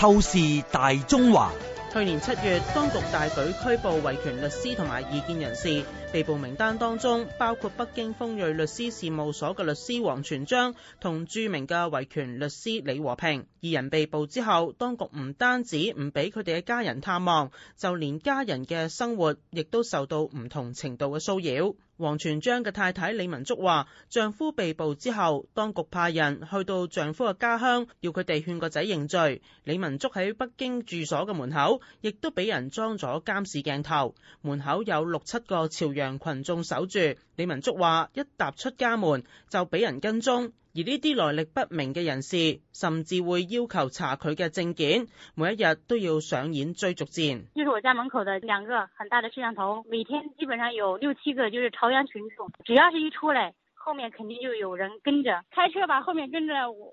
透視大中華。去年七月，當局大舉拘捕維權律師同埋異見人士，被捕名單當中包括北京鋒銳律師事務所嘅律師王全璋同著名嘅維權律師李和平。二人被捕之後，當局唔單止唔俾佢哋嘅家人探望，就連家人嘅生活亦都受到唔同程度嘅騷擾。王全章嘅太太李文竹話，丈夫被捕之後，當局派人去到丈夫嘅家鄉，要佢哋勸個仔認罪。李文竹喺北京住所嘅門口，亦都俾人裝咗監視鏡頭，門口有六七個朝陽群眾守住。李文竹話：一踏出家門就俾人跟蹤，而呢啲來歷不明嘅人士，甚至會要求查佢嘅證件，每一日都要上演追逐戰。就是我家門口的兩個很大的攝像頭，每天基本上有六七個就是朝陽群眾，只要是一出來，後面肯定就有人跟着。開車吧，後面跟着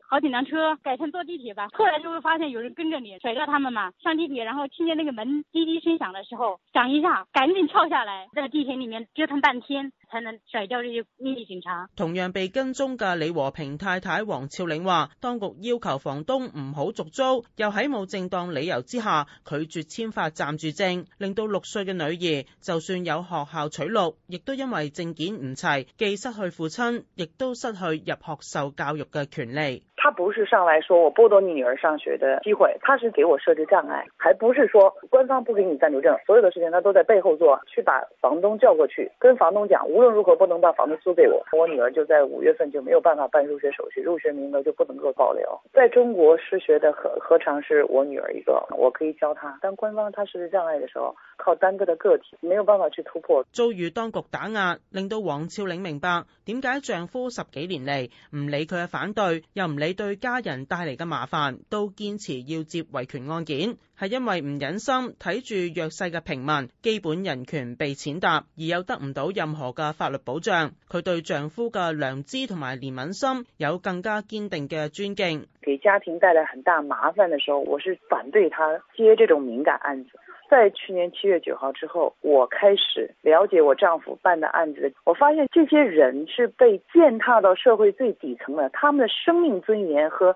好幾輛車；改天坐地鐵吧，後來就會發現有人跟着你，甩掉他們嘛。上地鐵，然後聽見那個門滴滴聲響的時候，響一下，趕緊跳下來，在地鐵裏面折騰半天。才能甩掉這些秘密警察。同樣被跟蹤嘅李和平太太王超嶺王峭嶺話：當局要求房東唔好續租，又喺冇正當理由之下拒絕簽發暫住證，令到六歲嘅女兒就算有學校取錄，亦都因為證件唔齊，既失去父親，亦都失去入學受教育嘅權利。他不是上來說我剝奪你女兒上學的機會，他是給我設置障礙，還不是說官方不給你暫住證，所有的事情他都在背後做，去把房東叫過去，跟房東講。無論如何不能把房子租給我，我女兒就在五月份就沒有辦法辦入學手續，入學名額就不能夠保留。在中國失學的何何嘗是我女兒一個？我可以教她，當官方她實施障礙的時候，靠單個的個體沒有辦法去突破。遭遇當局打壓，令到王峭嶺明白，點解丈夫十幾年嚟唔理佢嘅反對，又唔理對家人帶嚟嘅麻煩，都堅持要接維權案件。係因為唔忍心睇住弱勢嘅平民基本人權被踐踏而又得唔到任何嘅法律保障，佢對丈夫嘅良知同埋憐憫心有更加堅定嘅尊敬。給家庭帶來很大麻煩的時候，我是反對他接這種敏感案子。在去年七月九號之後，我開始了解我丈夫辦的案子，我發現這些人是被踐踏到社會最底層的，他們的生命尊嚴和。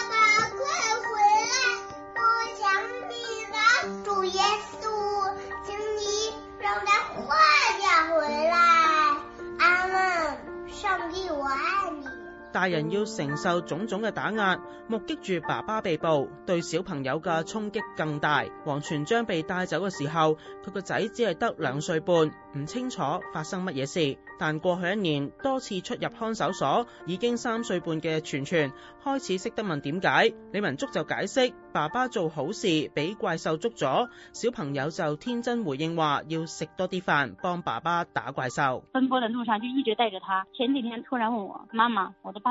大人要承受種種嘅打壓，目擊住爸爸被捕，對小朋友嘅衝擊更大。王全璋被帶走嘅時候，佢個仔只係得兩歲半，唔清楚發生乜嘢事。但過去一年多次出入看守所，已經三歲半嘅全全開始識得問點解。李文足就解釋：爸爸做好事，俾怪獸捉咗，小朋友就天真回應話要食多啲飯，幫爸爸打怪獸。奔波的路上就一直帶着他，前幾天突然問我媽媽，我的爸。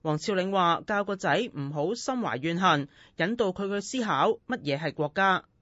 黃少領話：教個仔唔好心懷怨恨，引導佢去思考乜嘢係國家。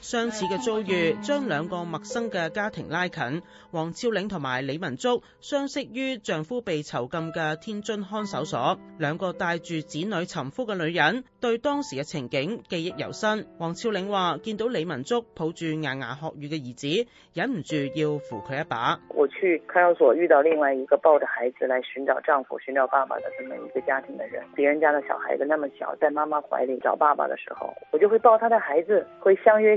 相似嘅遭遇將兩個陌生嘅家庭拉近。王峭嶺同埋李文竹相識於丈夫被囚禁嘅天津看守所，兩個帶住子女尋夫嘅女人，對當時嘅情景記憶猶新。王峭嶺話：見到李文竹抱住牙牙學語嘅兒子，忍唔住要扶佢一把。我去看守所遇到另外一個抱着孩子來尋找丈夫、尋找爸爸的這麼一個家庭的人，別人家的小孩子那麼小，在媽媽懷裏找爸爸的時候，我就會抱他的孩子，會相約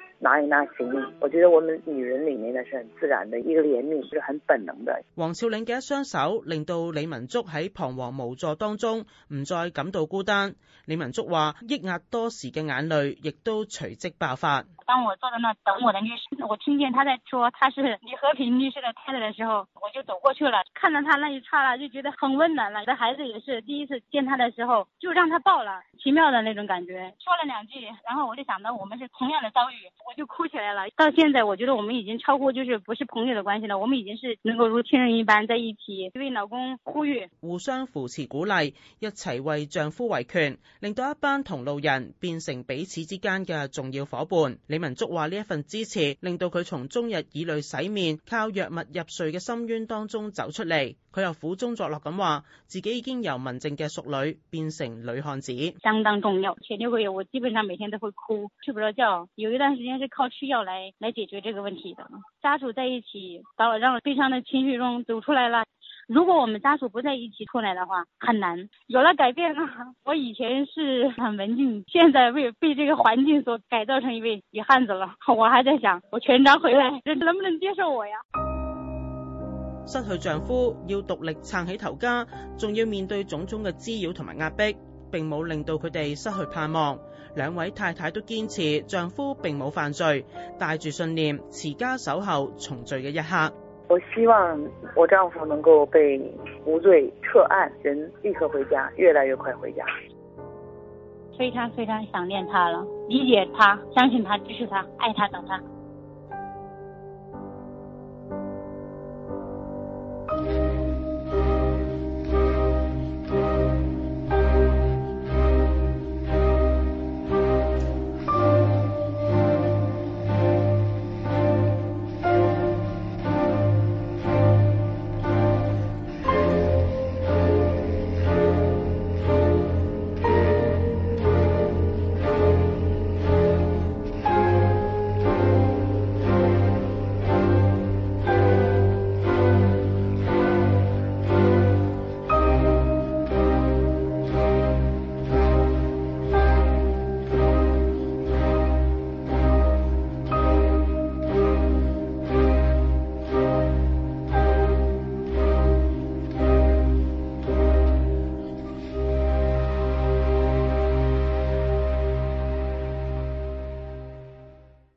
拿一拿行李，我覺得我們女人裏面呢是很自然的一個憐憫，就是很本能的。王峭嶺嘅一雙手令到李文足喺彷徨無助當中唔再感到孤單。李文足話，抑壓多時嘅眼淚亦都隨即爆發。當我坐在那兒等我的律師，我聽見他在說他是李和平律師的太太的時候，我就走過去了。看到他那一刹那，就覺得很溫暖了。我的孩子也是第一次見他的時候，就讓他抱了，奇妙的那種感覺。說了兩句，然後我就想到我們是同樣的遭遇。就哭起來了。到現在，我覺得我們已經超過，就是不是朋友的關係了。我們已經是能夠如親人一般在一起。為老公呼籲，互相扶持鼓勵，一齊為丈夫維權，令到一班同路人變成彼此之間嘅重要夥伴。李文竹話：呢一份支持，令到佢從終日以淚洗面、靠藥物入睡嘅深淵當中走出嚟。佢又苦中作樂咁話，自己已經由文靜嘅淑女變成女漢子，相當重要。前六個月我基本上每天都會哭，睡不着覺，有一段時間是靠吃藥來來解決這個問題的。家屬在一起到讓我悲傷的情緒中走出來了。如果我們家屬不在一起出來的話，很難。有了改變啊，我以前是很文靜，現在為被，被這個環境所改造成一位女漢子了。我還在想，我全家回來，人能不能接受我呀？失去丈夫要獨力撐起頭家，仲要面對種種嘅滋擾同埋壓迫，並冇令到佢哋失去盼望。兩位太太都堅持丈夫並冇犯罪，帶住信念持家守候重聚嘅一刻。我希望我丈夫能夠被無罪撤案，人立刻回家，越來越快回家。非常非常想念他了，理解他，相信他，支持他，愛他，等他。